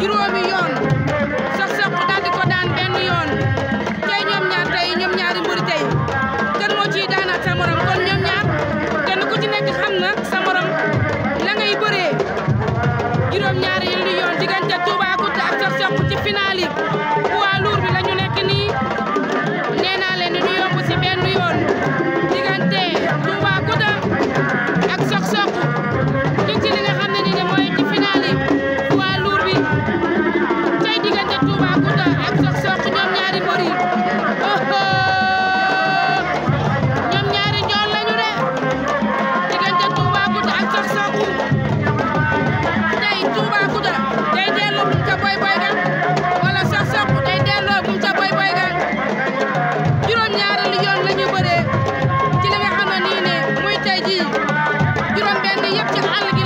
juróomi yoon sox sox daal di ko daan benn yoon tey ñoom ñaar tey ñoom ñaari mbër tey kenn moo ciy daanaat sa ñoom ñaar kenn ku ci nekk xam na sa morom la ngay bëree juróom ñaari lu yoon diggante Toubacouta ak sox sox ci final yi poids lourd bi la nekk nii nee naa leen yomb si benn yoon diggante Toubacouta ak sox sox ci li nga 啊！